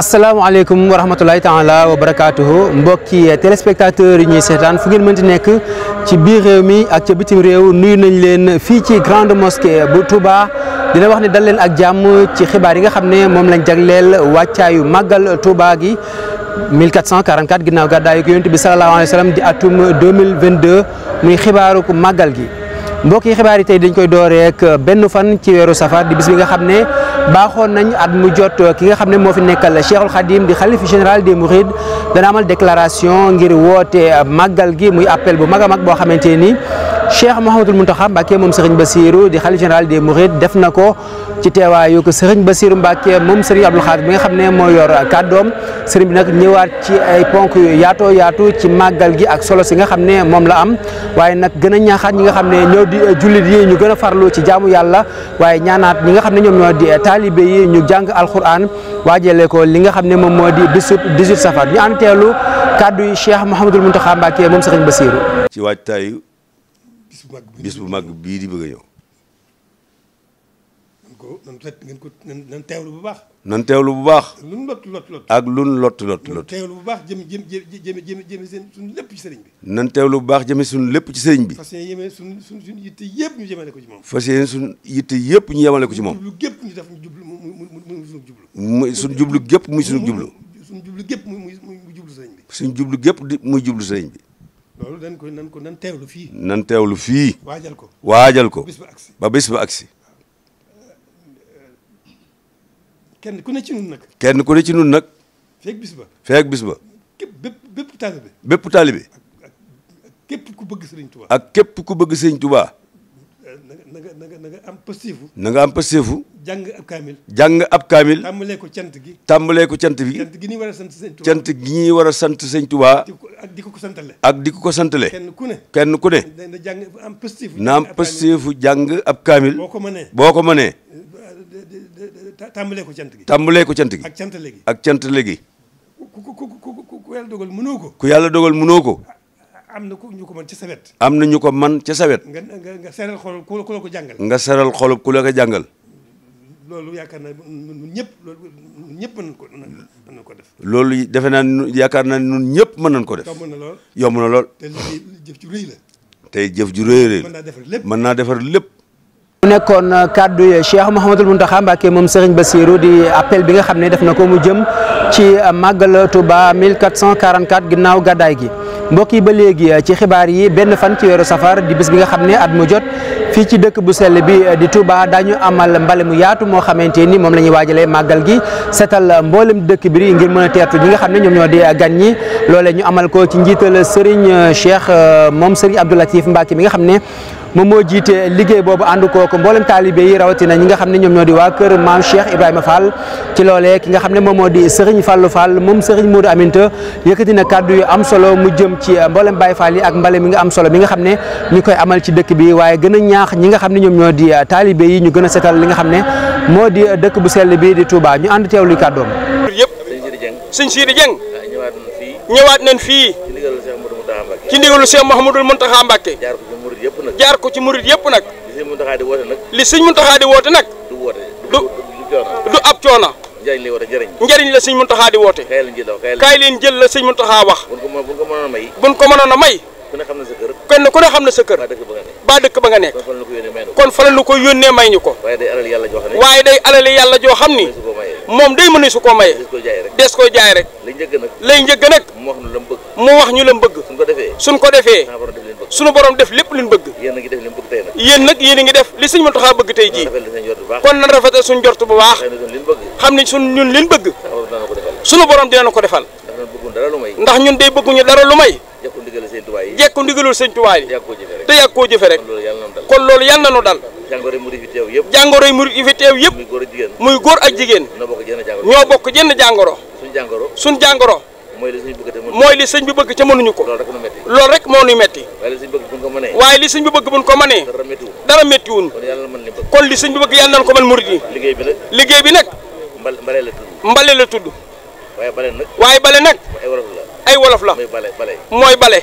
asalaamaaleykum wa rahmatulahi taala wa barakaatuhu mbokki téléspectateurs yi ñuy seetaan fu ngeen mënti nekk ci biir mi ak ca bitim réew nuyu nañ leen fii ci grande mosquée bu Touba dina wax ne dal leen ak jàmm ci xibaar yi nga xam ne moom lañ jagleel wàccaayu màggal Touba gi 1444 ginnaaw gàddaayu Yonent bi salallaahu alayhi wa sallam di atum 2022 muy xibaaru màggal gi. mbokk yi xibaar yi tey dañ koy dooree ak euh, benn fan ci weeru safar di bis nga xam ne baaxoon nañ at mu jot euh, ki nga xam ne moo fi nekkal Cheikhul Khadim di xalif général des Mourides dana amal déclaration ngir woote euh, màggal gi muy appel bu mag a mag boo xamante ni Cheikh Mouhamadul Mountakha Mbacké moom Serigne Bassirou di xalif général des Mourides def na ko ci teewaayu ko Serigne Bassirou Mbacké moom Serigne Abdoul Khadir bi nga xam ne moo yor kàddoom Serigne bi nag ñëwaat ci ay ponk yaatoo yaatu ci màggal gi ak solo si nga xam ne moom la am waaye nag gën a ñaaxaat ñi nga xam ne ñoo di jullit yi ñu gën a farlu ci jaamu yàlla waaye ñaanaat ñi nga xam ne ñoom ñoo di taalibe yi ñu jàng al alquran waajalee ko li nga xam ne moom moo di bisub 18 safar ñu ànd teelu kàddu yi Cheikh Mouhamadul Mountakha Mbacké moom Serigne Bassirou ci waajtaayu bis bu mag bis bu mag bii di bëgg a ñëw. nan ko nan ko nan teewlu bu baax. nan teewlu bu baax. ak lun lot lot lot. ak lun lot lot lot. nan teewlu bu baax jëm jëm jëm jëm jëm seen suñu lépp sëriñ nan teewlu bu baax jëme suñu lépp ci sëriñ bi. fas yéene suñu suñu suñu yitte yëpp ñu jëmale ko ci moom. fas yéene suñu yitte yëpp ñu jëmale ko ci moom. jublu gépp ñu def ñu jublu mu mu mu suñu jublu. muy suñu jublu gépp muy suñu jublu. suñu jublu muy muy jublu sëriñ bi. jublu gépp di muy jublu sëriñ bi. loolu dañ ko nan ko nan teewlu fii. nan teewlu fii. waajal ko waajal ko. ba bés ba agsi kenn ku ne ci nun nag. kenn ku ne ci nun nag. feeg bis ba feeg bis ba. képp bépp bépp taalibe. bépp taalibe. ak képp ku bëgg Sëriñ Tuubaa. ak képp ku bëgg Sëriñ Tuubaa. na nga na nga na nga am pësteefu. na nga am pësteefu. jàng kaamil. jàng ab kaamil. tàmbalee ko cant gi. tàmbalee ko cant gi. cant gi ñuy war a sant sëñ Tuubaa. gi ñuy war a sant sëñ Tuubaa. ak di ko ko santale. ak dik ko ko santale. kenn ku ne. kenn ku ne. na jàng am pësteefu. na am pësteefu jàng ab kaamil. boo ko mënee boo ko mënee. tàmbalee ko cant gi. tàmbalee ko cant gi. ak cant léegi. ak cant léegi. ku ku ku ku ku yàlla dogal mënoo ko. yàlla dogal mënoo ko. am na ñu ko mën ca sa am na ko mën ca sa wet. nga nga seral xolub ku la ko jàngal. nga seral xolub ku la jàngal. loolu yaakaar naa ñëpp loolu ñëpp mën ko mën ko def. loolu defe naa yaakaar naa ñun ñëpp mën nañu ko def. yomb na lool yomb na lool. te jëf ju rëy la. tey jëf ju rëy rëy la mën naa defar lépp mën naa defar lépp. mu nekkoon kàddu yi Cheikh Mouhamadul Mountakha Mbacké moom Serigne Bassirou di appel bi nga xam ne def na ko mu jëm ci màggal quarant 1444 ginnaaw gàddaay gi. mbokk yi ba léegi eh, ci xibaar yi benn fan ci weeru safar di bis bi nga xam ne at mu jot fii ci dëkk bu sell bi eh, di Touba daañu amal mbale mu yaatu moo xamante ni moom la ñuy waajalee màggal gi seetal mboolem dëkk bi ngir mën a teertu ñi nga xam ne ñoom ñoo di eh, gan ñi loole ñu amal ko ci njiital Serigne Cheikh moom Serigne Abdou Latif Mbacke mi nga xam ne moom moo jiite liggéey boobu ànd kooku mboolem taalibe yi rawatina ñi nga xam ne ñoom ñoo di waa kër maam Cheikh Ibrahima Fall ci loolee ki nga xam ne moom moo di Serigne Fallou Fall moom Serigne Modou na kàddu yu am solo mu jëm ci mboolem Baye Fall yi ak mbale mi nga am solo mi nga xam ne ñu koy amal ci dëkk bi waaye gën a ñaax ñi nga xam ne ñoom ñoo di taalibe yi ñu gën a setal li nga xam ne moo di dëkk bu sell bi di Touba ñu ànd teewlu kàddoom. yëpp sëñ Sidi Dieng ñëwaat nañ fii ci ndigalu Cheikh Mouhamadou Mountakha Mbacké yëpp nag jaar ko ci murit yëpp nag. li sëñ Muntaxa di woote nag. li sëñ Muntaxa di woote nag. du woote du du ab coona. njëriñ la woote njëriñ. njëriñ di woote. kaay leen jël la kaay leen jël wax. buñ ko mën a may. buñ ko a xam na sa ba dëkk ba nga nekk. kon fa ko yónnee may ñu ko. waaye day alal yàlla joo xam ni. moom day mënu su koo maye. des ko jaay rek. lay njëgg nag. mu wax ñu la mu bëgg. ko defee. sunu borom def lépp lu bëgg bëgg tey nag yéen nag yéen a ngi def li sëñ Muntaxa bëgg tey jii kon nan rafetal suñ jort bu baax xam ne suñ ñun liñ bëgg sunu borom dinañ ko defal ndax ñun day bëgguñu dara lu may jekku ndigalul sëñ Tuubaa yi te ko koo jëfe rek kon loolu yàlla na nu dal jàngoro murid yi fi teew yëpp jàngoro murid yi fi teew yëpp muy góor ak jigéen ñoo bokk jenn jàngoro suñ jàngoro mooy li sëñ bi bëgg te mënuñu bëgg te mënuñu ko. loolu rek moo metti loolu rek metti. waaye li sëñ bi bëgg buñ ko mënee. waaye li sëñ bi bëgg ko mënee. dara méttiwul kon yàlla bi bëgg yàlla nañ ko mën murid yi. liggéey bi nag liggéey bi nag. mbal mbale la tudd. mbale la tudd. waaye bale nag. waaye bale nag. ay wolof la ay wolof la. mooy bale bale. mooy bale.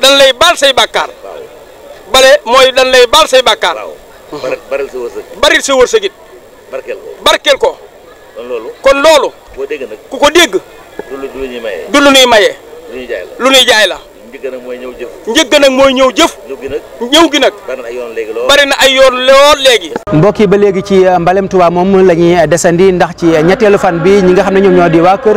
dañ lay baal say bàkkaar. dañ lay bale mooy dañ lay baal say bàkkaar. baril sa wërsëg. baril barkeel ko barkeel kon loolu. kon loolu. ku ku ko dégg du lu ñuy maye. lu ñuy jaay la lu ñuy nag mooy ñëw jëf. njëgg nag mooy ñëw jëf. ñëw na ay yoon léegi lool léegi. mbokk yi ba léegi ci euh, mbalem Touba moom la ñuy desandi ndax ci euh, ñetteelu fan bi ñi nga xam ne ñoom ñoo di waa kër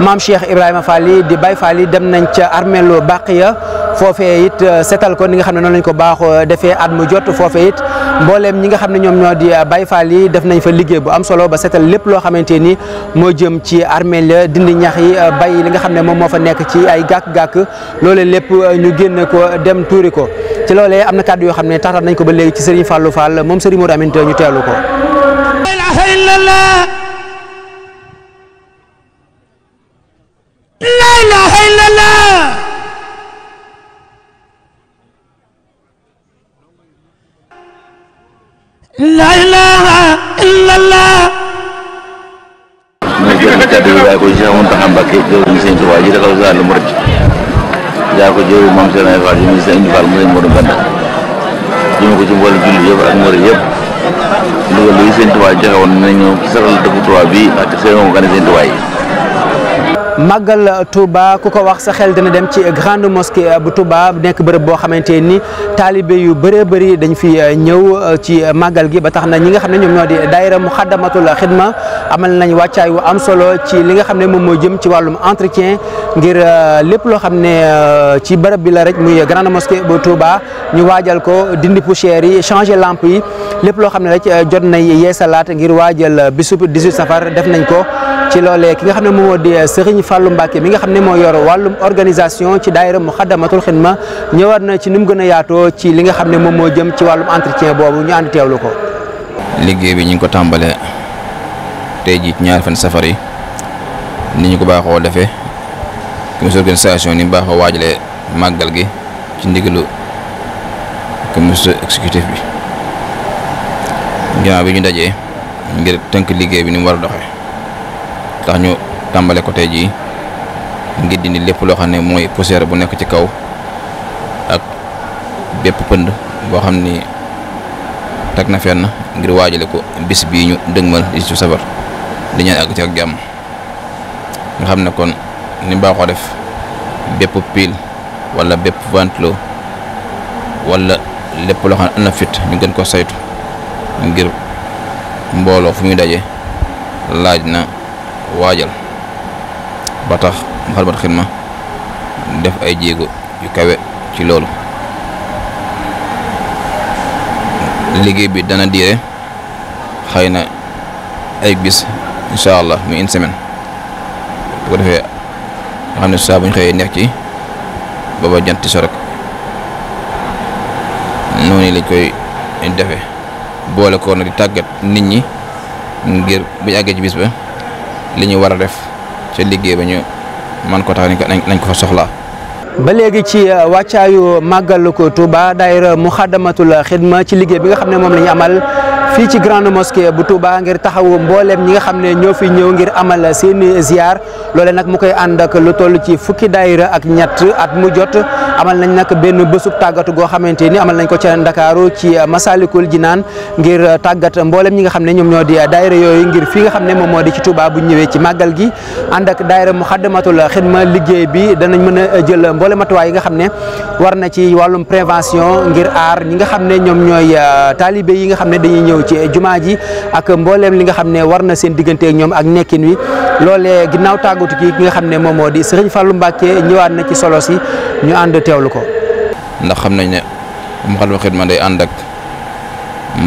maam Cheikh Ibrahima Fall di bay Fall yi dem nañ ca armeelu ya foofe it euh, setal ko ni nga xam ne noonu lañ ko baaxoo defee at mu jot foofee it mbooleem ñi nga xam ne ñoom ñoo di euh, Baay Faal yi def nañ fa liggéey bu am solo ba setal lépp loo xamante ni moo jëm ci armeel la dindi ñax yi euh, bay li nga xam ne moom moo fa nekk ci ay gàkk-gàkk loole lépp ñu génn ko dem tuuri ko ci loolee am na kàdd yoo xam ne taxtaat nañ ko ba léegi ci Serigne Fallou Fall moom Serigne Modou Aminta ñu teelu ko la ilaha illallah mu jël kaddu ga ko ci Sëriñ Muntaxa Mbàkke jëwriñ Sëriñ Tuubaa ji dafa zaal murid yaa ko jëwriñ moom seen ay faal yi muy Sëriñ mu Sëriñ Moodu Mbenda jëme ci mboole julli yëpp ak murid yëpp ndigal lu Sëriñ Tuubaa joxe woon nañu ci saxal dëkku Tuubaa bi ak seen organisé Sëriñ Tuubaa yi màggal Touba ku ko wax sa xel dina dem ci grande mosquée euh, bu Touba nekk bërëb boo xamante ni taalibe yu bëree bëri dañ fi euh, ñëw euh, ci màggal gi ba tax na ñi nga xam ne ñoom ñoo di daayira mu xaddamatul xidma amal nañ wàccaay wu am solo ci li nga xam ne moom moo jëm ci wàllum entretien ngir lépp loo xam ne ci bërëb bi la rek muy grande mosquée bu Touba ñu waajal ko dindi poussière yi changer lampe yi lépp loo xam ne rek jot na yeesa yeesalaat ngir waajal bisub safar def nañ ko. ci loolee ki nga xam ne moom moo di euh, Serigne Fallou Mbacke mi nga xam ne moo yor wàllum organisation ci daayira Muxaddamatul Xidma ñëwaat na ci ni mu gën a yaatoo ci li nga xam ne moom moo jëm ci wàllum entretien boobu ñu ànd teewlu ko. liggéey bi ñu ngi ko tàmbalee tey jii ñaar fan safar yi ni ñu ko baaxoo defee commission organisation ni mu baaxoo waajalee màggal gi ci ndigalu commission exécutif bi ginnaaw bi ñu dajee ngir tënk liggéey bi ni mu war a doxee. tax ñu tàmbale ko tey jii ngir dindi lépp loo xam ne mooy poussière bu nekk ci kaw ak bépp pënd boo xam ni teg na fenn ngir waajale ko bis bii ñu dëgmal di ci safar di ñaan àgg ci ak jàmm nga xam ne kon ni baaxoo def bépp piil wala bépp ventilo wala lépp loo xam ne am na fit ñu gën ko saytu ngir mbooloo fu muy daje laaj na waajal ba tax Moukhaddamatoul Khidma def ay jéego yu kawe ci loolu liggéey bi dana diire xëy na ay bis incha allah muy une semaine bu ko defee xam ne saa bu ñu xëyee nekk ci baba jant so rek noonu lañ koy defe boole ko na di tàggat nit ñi ngir bu ñu àggee ci bis ba li ñu war a def ci liggéey ba ñu man ko tax nañ ko fa soxlaa. ba léegi ci euh, wàccaayu màggal ko Touba daayira Muxaddamatul Xidma ci liggéey bi nga xam ne moom la ñu amal. fii ci grande mosquée bu Touba ngir taxawu mbooleem ñi nga xam ne ñoo fi ñëw ngir amal seeni ziar loole nag mu koy ànd ak lu toll ci fukki daayira ak ñett at mu jot amal nañ nag benn bésub tàggatu goo xamante ni amal nañ ko ca Ndakaaru ci Masalikul naan ngir tàggat mbooleem ñi nga xam ne ñoom ñoo di daayira yooyu ngir fi nga xam ne moom moo di ci Touba bu ñëwee ci màggal gi ànd ak daayira Muxaddamatul ma liggéey bi danañ mën a jël mboole matuwaay yi nga xam ne war na ci wàllum prévention ngir aar ñi nga xam ne ñoom ñooy euh, taalibe yi nga xam ne dañuy ñëw ñëw ci jumaa ji ak mbooleem li nga xam ne war na seen diggante ak ñoom ak nekkin wi loole ginnaaw tàggatu ki nga xam ne moom moo di Sëriñ Fallou Mbacke ñëwaat na ci solo si ñu ànd teewlu ko. ndax xam nañ ne Moukhaddamatoul Khidma day ànd ak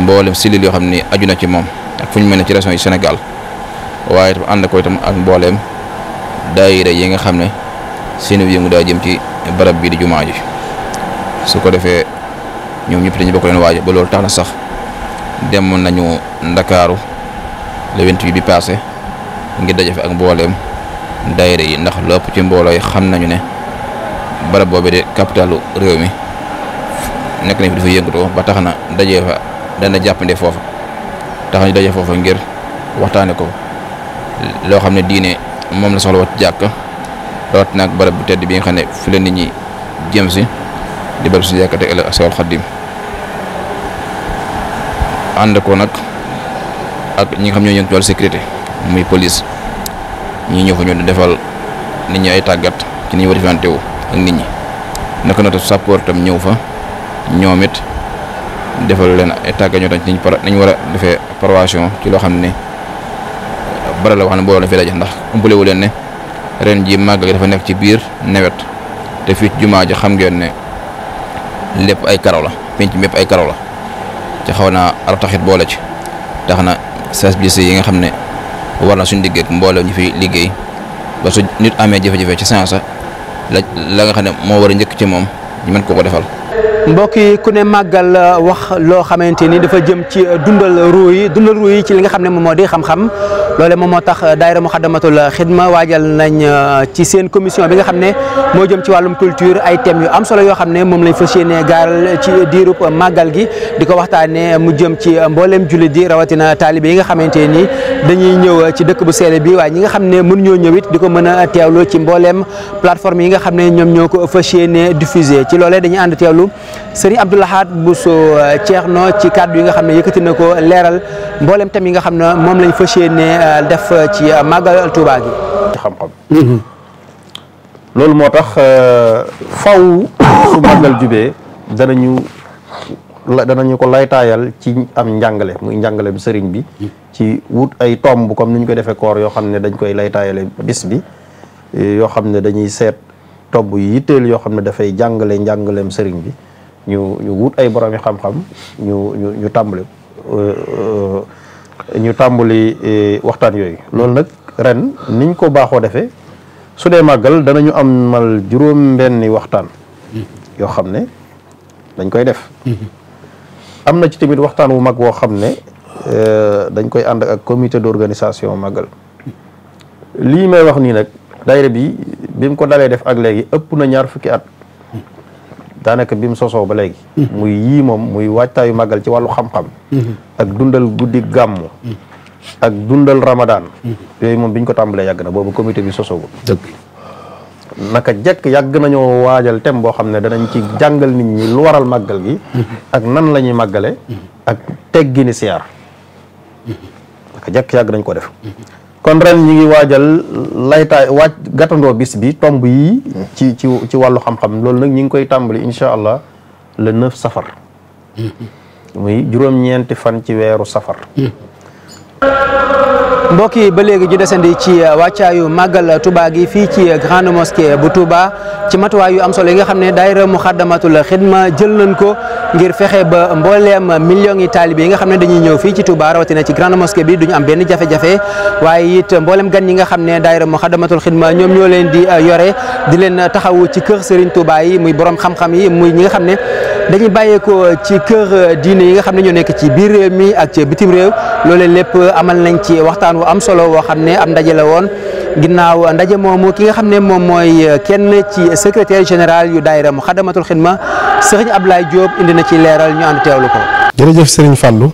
yoo xam ni aju na ci moom ak fu ñu ne ci région yi Sénégal waaye itam ànd ko ak mbooleem daayira yi nga xam ne seen yëngu daa jëm ci barab bii di jumaa ji su ko defee ñoom ñëpp dañu bokk leen waaj ba loolu tax na sax. demoon nañu ndakaaru le 28 bi passé ngir daje fi ak mbooleem daayira yi ndax lépp ci mbooloo yi xam nañu ne barab boobu de capitalu réew mi nekk nañ fi dafa yëngatoo ba tax na daje fa dana jàppande foofa tax ñu daje foofa ngir waxtaane ko loo xam ne diine moom na soxla wat jàkk rawat naag barab bu tedd bi nga xam ne fi la nit ñi jëm si di barab si jàkkate ëllëg ak Seexul Xaddim ànd nag ak ñi xam ñoo yëngu wàllu sécurité muy police ñi ñëw fa ñu defal nit ñi ay tàggat ci ni ñu nit ñi naka na def ñëw fa ñoom it defal leen ay tàggat ñoo tam ci niñ war a defee prévention ci loo xam ne bara la wax ne booloo la fi daje ndax umpale wu leen ne ren ji màggal gi dafa nekk ci biir nawet te fii jumaa ji xam ngeen ne lépp ay karaw la penc mépp ay karaw la. ci xaw naa rataxit boole ci tax na services yi nga xam ne war na suñ diggeek mboolem ñu fi liggéey ba su nit amee jafe-jafe ci sansa la la nga xam ne moo war a njëkk ci moom ñu mën ko ko defal mbokk yi ku ne màggal euh, wax loo xamante ni dafa jëm ci euh, dundal ruu yi dundal ruu yi ci li nga xam ne moom moo di xam-xam loole moom moo tax euh, daayira Muxaddamatul Xidma waajal nañ ci seen commission bi nga xam ne moo jëm ci wàllum culture ay thèmes am solo yoo xam ne moom lañ fas yéene gaaral ci diirub màggal gi di ko waxtaanee mu jëm ci mbooleem jullit di rawatina taalibe yi nga xamante nii dañuy ñëw ci dëkk bu seele bi waaye ñi nga xam ne mënuñoo ñëw it di ko mën a teewlu ci mbooleem plateforme yi nga xam ne ñoom ñoo ko fas yéene diffusé ci loolee dañuy ànd sëriñ Abdou Lahad Bousso euh, Thierno ci kàddu yi nga xam ne yëkkati na ko leeral mboolem tam yi nga xam ne moom lañ fas yéene euh, def euh, ci màggal Touba gi. Mhm. loolu moo tax faw su màggal jubee danañu la danañu ko laytaayal ci am njàngale muy njàngale bu sëriñ bi mhm. ci wut ay tomb comme ni ñu ko defee koor yoo xam ne dañ koy laytaayale bis bi yoo xam ne dañuy seet tomb yu yitteel yoo xam ne dafay jàngale njàngaleem sëriñ bi ñu ñu wut ay borom yi xam-xam ñu ñu ñu tàmbali euh, euh, euh, waxtaan yooyu loolu nag ren niñ ko baaxoo defee su dee màggal danañu amal juróom mbenni waxtaan yoo xam ne dañ koy def am na ci tamit waxtaan wu mag woo xam ne dañ koy ànd ak comité organisation màggal lii may wax nii nag daayira bi bi mu ko dalee def ak léegi ëpp na ñaar fukki at daanaka bi mu sosoo ba léegi muy yii moom muy waajtaayu màggal ci wàllu xam-xam ak dundal guddi gàmmu ak dundal ramadaan yooyu moom bi ñu ko tàmbalee yàgg na boobu comité bi sosoogul naka jekk yàgg nañoo waajal thème boo xam ne danañ ci jàngal nit ñi lu waral màggal gi ak nan lañuy màggale ak teggini siyaar naka jekk yàgg nañ ko def kon ren ñi ngi waajal laytaay waaj gàttandoo bis bi tomb yi ci ci ci wàllu xam-xam loolu nag ñi ngi koy tàmbali incha allah le neuf safar hmm. muy juróom-ñeenti fan ci weeru safar hmm. mbokk yi ba léegi ñu desandi ci euh, wàccaayu màggal Touba gi fii ci euh, grande mosquée bu tubaa ci matuwaay yu am solo yi nga xam ne daayira Muxaddamatul Xidma jël nañ ko ngir fexe ba mbooleem millions yi taalibe yi nga xam ne dañuy ñëw fii ci tubaa rawatina ci grande mosquée bi duñu am benn jafe-jafe waaye it mbooleem gan ñi nga xam ne daayira Muxaddamatul Xidma ñoom ñoo leen di euh, yore di leen taxawu ci kër Serigne tubaa yi muy borom xam-xam yi muy ñi nga xam ne dañuy bàyyeekoo ci kër euh, diine yi nga xam ne ñoo nekk ci biir réew mi ak ci bitim réew loolee lépp euh, amal nañ ci waxtaan wu am solo woo xam ne am ndaje la woon ginnaaw ndaje moomu ki nga xam ne moom mooy euh, kenn ci secretaire général yu daayira mu xadamatul xidma sëriñ Ablaye Diop indi na ci leeral ñu ànd teewlu ko. jërëjëf sëriñ Fallou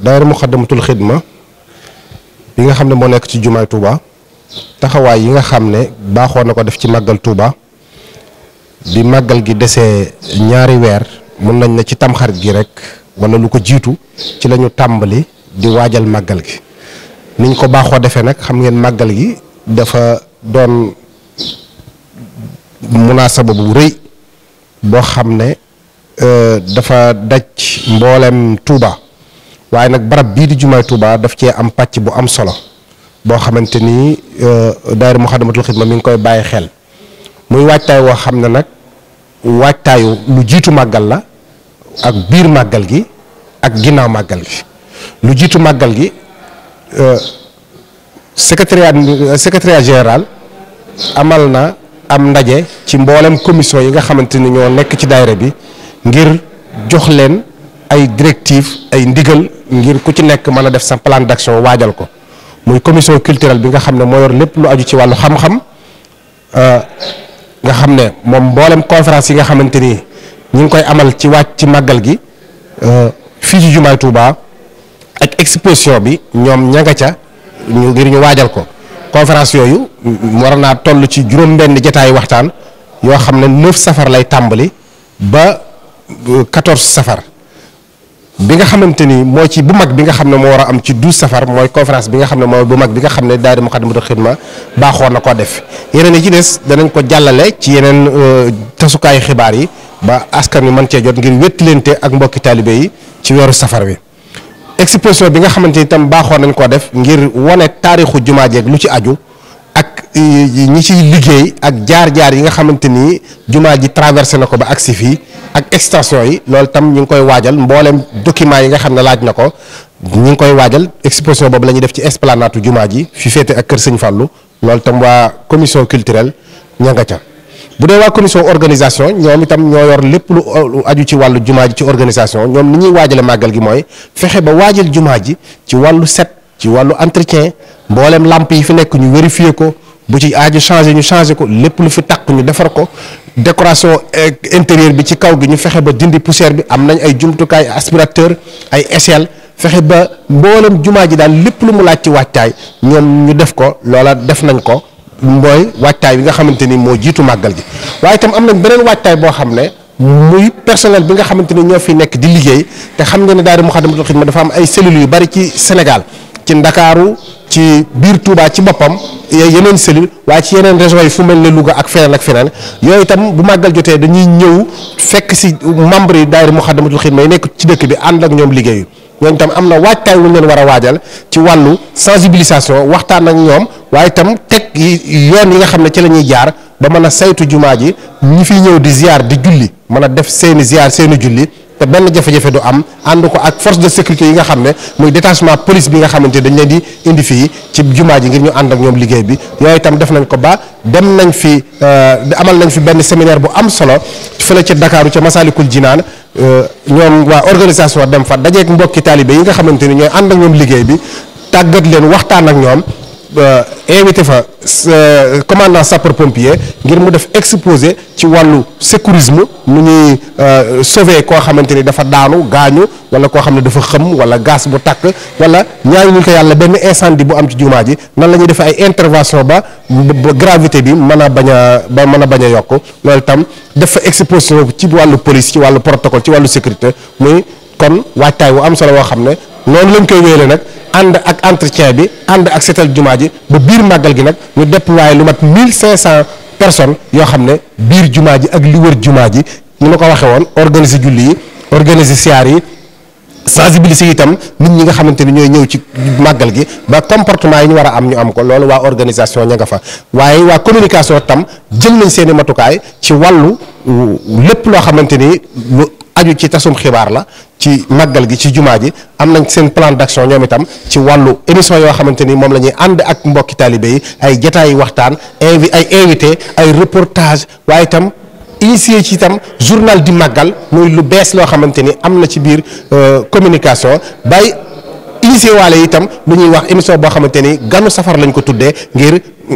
daayira mu xadamatul xidma bi nga xam ne moo nekk ci jumaay Touba taxawaay yi nga xam ne baaxoo na ko def ci màggal Touba. bi màggal gi desee ñaari weer mën nañ ne ci tamxarit gi rek wala lu ko jiitu ci lañu tàmbali di waajal màggal gi niñ ko baaxoo defee nag xam ngeen màggal gi dafa doon munaasaba bu rëy boo xam ne euh, dafa daj mboolem Touba waaye nag barab bii di jumaay Touba daf cee am pàcc bu am solo boo xamante ni euh, daayira Muxaddamatul Xidma mi ngi koy bàyyi xel muy waajtaay woo xam ne nag waajtaayu lu jiitu màggal la ak biir màggal gi ak ginnaaw màggal gi lu jiitu màggal gi euh, secrétariat euh, secrétariat général amal na am ndaje ci mboolem commission yi nga xamante ni ñoo nekk ci daayira bi ngir jox leen ay directives ay ndigal ngir ku ci nekk mën a def sa plan d'action waajal ko muy commission culturelle bi nga xam ne moo lépp lu aju ci wàllu xam-xam euh, nga xam ne moom mboolem conférence yi nga xamante ni ñu ngi koy amal ci wàcc ci màggal gi euh, fii ci jumaay Touba ak exposition bi ñoom ña nga ca ñu ngir ñu waajal ko conférence yooyu war naa toll ci juróom-benn jataayu waxtaan yoo xam ne neuf safar lay tàmbali ba euh, quatorze safar. bi nga xamante ni moo ci bu mag bi nga xam ne moo war a am ci douze safar mooy conférence bi nga xam ne mooy bu mag bi nga xam ne daayira Muxaddamatul Xidma baaxoo na koo def yeneen yi ci des danañ ko jàllale ci yeneen euh, tasukaayu xibaar yi ba askan wi mën cee jot ngir wéttalante ak mbokki taalibe yi ci weeru safar wi. exposition bi nga xamante ni tam baaxoon nañ koo def ngir wane taarixu jumaa jeeg lu ci aju ak euh, ñi ciy liggéey ak jaar-jaar yi nga xamante ni jumaa ji traversé na ko ba agsi fii ak extension yi loolu tam ñu ngi koy waajal mboolem document yi nga xam ne laaj na ko ñu ngi koy waajal exposition boobu la ñuy def ci esplanade jumaa ji fi féete ak Kër Sëñ Fallou loolu tam waa commission culturelle ña nga ca bu dee waa commission organisation ñoom itam ñoo yor lépp lu aju ci wàllu jumaa ji ci organisation ñoom ni ñuy waajale màggal gi mooy fexe ba waajal jumaa ji ci wàllu set ci wàllu entretien mboolem làmp yi fi nekk ñu vérifier ko bu ci aaju changé ñu changé ko lépp lu fi taq ñu defar ko décoration eh, intérieur bi ci kaw gi ñu fexe ba dindi poussière bi am nañ ay jumtukaay aspirateur ay échelle fexe ba mboolem jumaa ji daal lépp lu mu laaj ci wàccaay ñoom ñu def ko loola def nañ ko mooy wàccaay bi nga xamante ni moo jiitu màggal gi waaye itam am nañ beneen wàccaay boo xam ne muy personnel bi nga xamante ni ñoo fi nekk di liggéey te xam nga ne daara Muxaddamatul Xidma dafa am ay cellules yu bari ci Sénégal ci ndakaaru ci biir Touba ci boppam yeneen cellule waaye ci yeneen régions yi fu mel ne Louga ak feneen ak feneen yooyu itam bu màggal jotee dañuy ñëw fekk si membre yi daayira Muxaddamatul Xidma yi nekk ci dëkk bi ànd ak ñoom liggéeyu ñoom itam am na waajtaay wuñ leen war a waajal ci wàllu sensibilisation waxtaan ak ñoom waaye itam teg yi yoon yi nga xam ne ci la ñuy jaar ba mën a saytu jumaa ji ñi fi ñëw di ziar di julli mën a def seeni ziar seeni julli te benn jafe-jafe du am ànd ko ak force de sécurité yi nga xam ne muy détachement police bi nga xamante dañ leen di indi fii ci jumaa ji ngir ñu ànd ak ñoom liggéey bi yooyu itam def nañ ko ba dem nañ fi euh, amal nañ fi benn séminaire bu am solo fële ca ndakaaru ca Masaalikul Jinaan euh, ñoom waa organisation dem fa dajeek mbokki taalibe yi nga xamante ni ñooy ànd ak ñoom liggéey bi tàggat leen waxtaan ak ñoom Euh, invité fa commandant sapeur pompier ngir mu def exposé ci wàllu sécurisme nu ñuy euh, sauver koo xamante ni dafa daanu gaañu wala koo xam ne dafa xëm wala gaz bu tàkk wala ñaari ñu ko yàlla benn incendie bu am ci jumaa ji nan la ñuy defee ay intervention ba gravité bi mën a bañ a ba mën a bañ yokk loolu tam def fa exposition ci wàllu police ci wàllu protocole ci wàllu sécurité muy kon waajtaay bu am solo woo xam ne noonu lañ koy wéyale nag. ànd ak entretien bi ànd ak setal jumaa ji ba biir màggal gi nag ñu déployé lu mat personnes yoo xam ne biir jumaa ji ak li wër jumaa ji ni ma ko waxee woon organiser julli yi organiser siyaar yi sensibiliser itam nit ñi nga xamante ni ñooy ñëw ci màggal gi ba comportement yi ñu war a am ñu am ko loolu waa organisation ña nga fa waaye waa communication tam jël nañ seen i matukaay ci wàllu lépp loo xamante ni lu aju ci tasum xibaar la ci màggal gi ci jumaa ji am nañ seen plan d'action ñoom itam ci wàllu émission yoo xamante ni moom la ñuy ànd ak mbokki taalibe yi ay jataay waxtaan invi ay invité ay reportage waaye itam initié ci itam journal di màggal muy lu bees loo xamante ni am na ci biir euh, communication bay lycée waale itam lu ñuy wax émission boo xamante ni ganu safar lañ ko tuddee ngir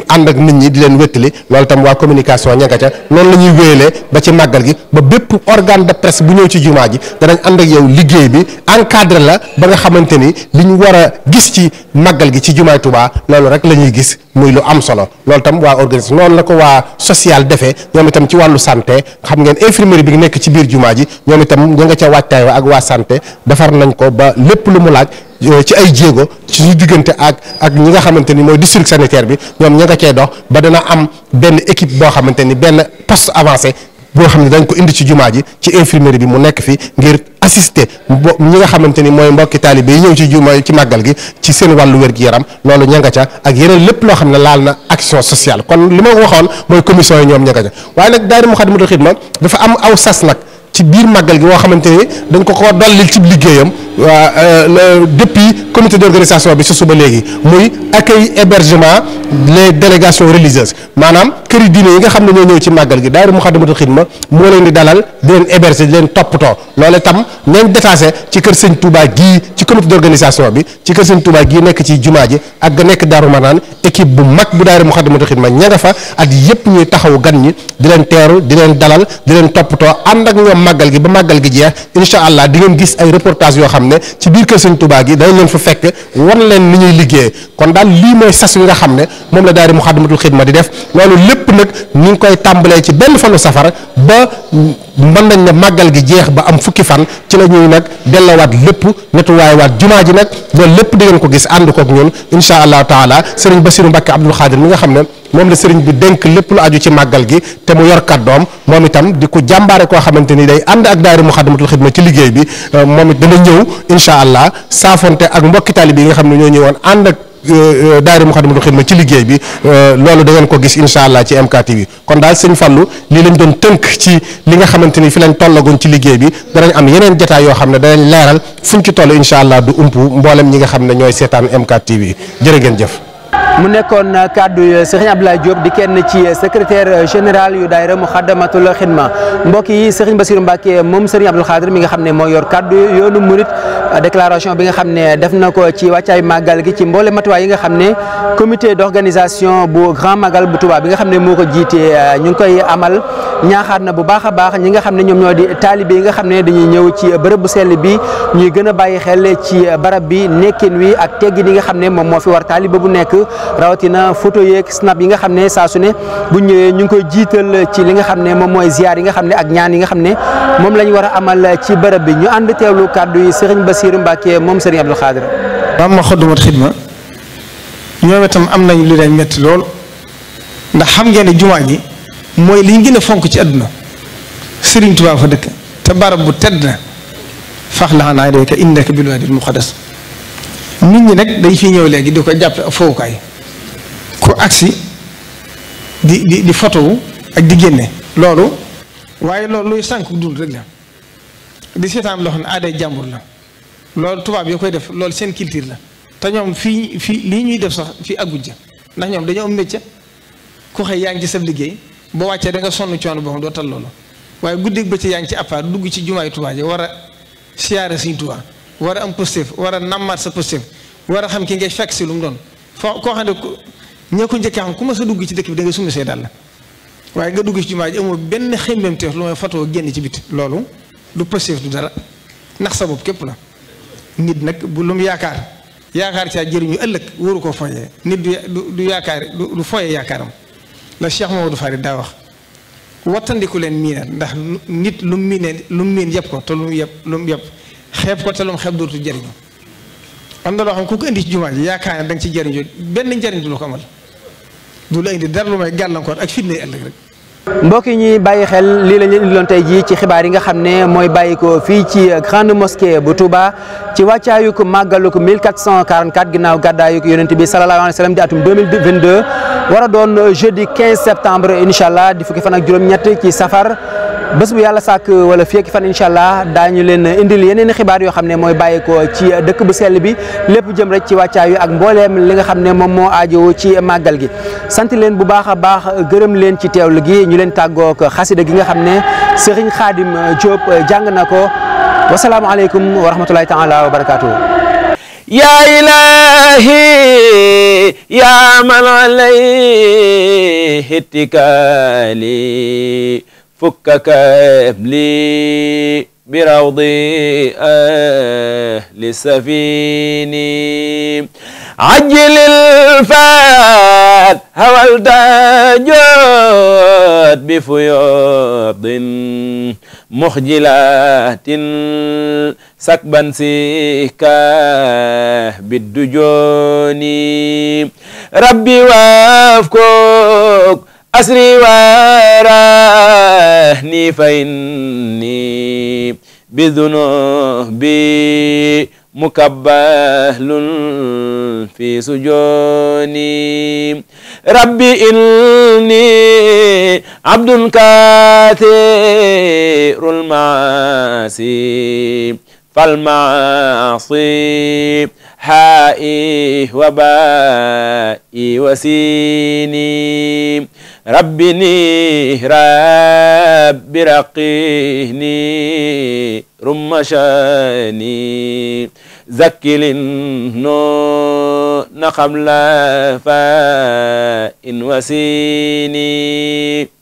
ànd ak nit ñi di leen wéttali loolu tam waa communication ña nga ca la ñuy wéyalee ba ci màggal gi ba bépp organe de bu ñëw ci jumaa ji danañ ànd ak yow liggéey bi encadré la ba nga xamante ni li ñu war a gis ci màggal gi ci jumaay Tuubaa loolu rek la ñuy gis muy lu am solo loolu tam waa organisation noonu la ko waa social defee ñoom itam ci wàllu santé xam ngeen infirmerie bi nekk ci biir jumaa ji ñoom itam ña ca waajtaay wa ak waa santé defar nañ ko ba lépp lu mu laaj ci ay jéego ci suñu diggante ak ak ñi nga xamante ni mooy district sanitaire bi ñoom ña nga cee dox ba dana am benn équipe boo xamante ni benn poste avancé boo xam ne dañ ko indi ci jumaa ji ci infirmerie bi mu nekk fi ngir assister mbo ñi nga xamante ni mooy mbokki taalibe yi ñëw ci juma ci màggal gi ci seen wàllu wér-gi-yaram loolu ña nga ca ak yeneen lépp loo xam ne laal na action sociale kon li ma waxoon mooy commission yi ñoom ña nga ca waaye nag daayira Moukhaddamatoul Khidma dafa am aw sas nag ci biir màggal gi woo xamante ni dañ ko ko dollil ci liggéeyam waa euh, depuis comité d'organisation bi sa suba léegi muy accueil hébergement les délégations religieuses maanaam kër këri diine yi nga xam ne ñoo ñëw ci màggal gi daayira Muxaddamatul Xidma moo leen di dalal di leen héberger di leen toppatoo loole tam leen détaché ci kër sëñ Touba gii ci comité d'organisation bi ci kër sëñ Touba gii nekk ci jumaa ji ak ga nekk Daaru Manaan équipe bu mag bu daayira Muxaddamatul Xidma ña nga fa at yépp ñuy taxaw gan ñi di leen teeru di leen dalal di leen toppatoo ànd ak ñoom màggal gi ba màggal gi jeex incha allah di ngeen gis ay yoo xam ne ci biir kër sëñ tubaab yi dañ leen fu fekk wan leen ni ñuy liggéey kon daal lii mooy sas wi nga xam ne moom la daari Muxaddamatul Xidma di def loolu lépp nag ñu ngi koy tàmbalee ci benn fanu safar ba mën nañ ne màggal gi jeex ba am fukki fan ci la ñuy nag dellawaat lépp netuwaay waat jumaa ji nag loolu lépp di ngeen ko gis ànd kook ñun incha allah taala sëriñ Basiru Mbàkke Abdul Xaadir mi nga xam ne moom la sëriñ bi dënk lépp lu aju ci màggal gi te mu yor doom moom itam di ku jàmbaare koo xamante ni day ànd ak daayira Muxaddamatul Xidma ci liggéey bi euh, moom it dana incha allah saafonte ak mbokki taalibe nga xam ne ñoo ñëwoon ànd ak euh, euh, daayira Muxaddamatul Xidma ci liggéey bi loolu da ngeen ko gis incha allah ci MKTV kon daal sëñ Fallou lii lañ doon tënk ci li nga xamante ni fi lañ tollagoon ci liggéey bi danañ am yeneen jataay yoo xam ne danañ leeral fuñ ci toll incha allah du umpu mboolem ñi nga xam ne ñooy seetaan MKTV jërë ngeen jëf mu nekkoon kàddu Serigne Abdoulaye Diop di kenn ci secretaire général yu daayira Muxaddamatul Xidma mbokk yi Serigne Bassirou Mbacke moom Serigne Abdoul Xaadir mi nga xam ne moo yor kàddu yoonu murit déclaration bi nga xam ne def na ko ci wàccaay màggal gi ci mboole matuwaay yi nga xam ne comité d'organisation bu grand magal bu tubaab bi nga xam ne moo ko jiitee ñu ngi koy amal ñaaxaat na bu baax a baax ñi nga xam ne ñoom ñoo di taalibe yi nga xam ne dañuy ñëw ci bërëb bu sell bi ñuy gën a bàyyi xel ci barab bi nekkin wi ak teggin yi nga xam ne moom moo fi war taalibe bu nekk rawatina photo yeeg snap yi nga xam ne saa su ne bu ñëwee ñu ngi koy jiital ci li nga xam ne moom mooy ziar yi nga xam ne ak ñaan yi nga xam ne moom lañu war a amal ci bërëb bi ñu ànd teewlu kàddu yi Serigne Bassirou Mbacke moom Serigne Abdou Khadre. waaw ma xoddumat xidma ñoom itam am nañu lu leen métti lool ndax xam ngeen ne jumaa ji mooy liñ gën a fonk ci àdduna Serigne Touba fa dëkk te barab bu tedd na fax la xanaa day ka indaka bil waadil muqaddas nit ñi nag dañ fi ñëw léegi di ko jàppe ak fowukaay ku agsi di di di fotowu ak di génne loolu waaye loolu luy sànk dund rek la di seetaan loo xam ne aaday jàmbur la loolu tubaab yoo koy def loolu seen culture la te ñoom fii fii lii ñuy def sax fii àgguñ ca ndax ñoom dañoo am métier ku xëy yaa ngi ci sa liggéey boo wàcce da nga sonn coono boo xam doo tal loolu waaye guddeeg ba ci yaa ngi ci appart dugg ci jumaay Tuubaa ji war a siyaare suñu Tuubaa war a am positif war a nammaat sa positif war a xam ki ngay fekk si lu mu doon foo koo xam ne ñoo ko njëkkee xam ku ma sa dugg ci dëkk bi da nga summi say dàll waaye nga dugg ci jumaa ji amul benn xemmem teef lu may génn ci biti loolu du pëseef du dara ndax sa bopp képp la nit nag bu lu yaakaar yaakaar caa jëriñu ëllëg waru koo foyee nit du du yaakaar du foyee yaakaaram la Cheikh Mamadou Farid daa wax wattandiku leen miinal ndax nit lu mu miinee lu mu yëpp ko te lu yëpp lu yëpp xeeb ko te lu mu dootu jëriñu am na loo xam ku ko indi ci jumaa ji yaakaar na da nga ci jariñ benn njëriñ du la ko amal du la indi dara lu may ak fitna mbokk yi ñuy bàyyi xel lii la ñu indiloon tey jii ci xibaar yi nga xam ne mooy bàyyi ko fii ci grande mosquée bu Touba ci wàccaayuk màggaluk 1444 ginnaaw gàddaayuk yonent bi salallaahu alayhi wa sallam di atum 2022 war a doon jeudi 15 septembre incha allah di fukki fan ak juróom-ñett ci safar. bés bu yàlla sàkk wala fii fan incha allah daañu leen indil yeneen i xibaar yoo xam ne mooy bàyyi ko ci dëkk bu sell bi lépp jëm rek ci wàccaayu ak mbooleem li nga xam ne moom moo aajo ci màggal gi sant leen bu baax a baax gërëm leen ci teewlu gi ñu leen tàggook xasida gi nga xam ne Serigne Khadim Diop jàng na ko wasalaamualeykum wa rahmatulahi taala wa barakaatuhu يا إلهي يا من عليه اتكالي فكك أبلي بروض أهل سفيني عجل الفات هوى التجود بفيوض مخجلات سكبا سيكا بالدجون ربي وافكك أسري ورا أهني فإني بذنوبي مكبل في سجوني ربي إني عبد كثير المعاصي فالمعاصي حائي وبائي وسيني rabbini rabbi raqini rumashani zakkilin no na xam la wasini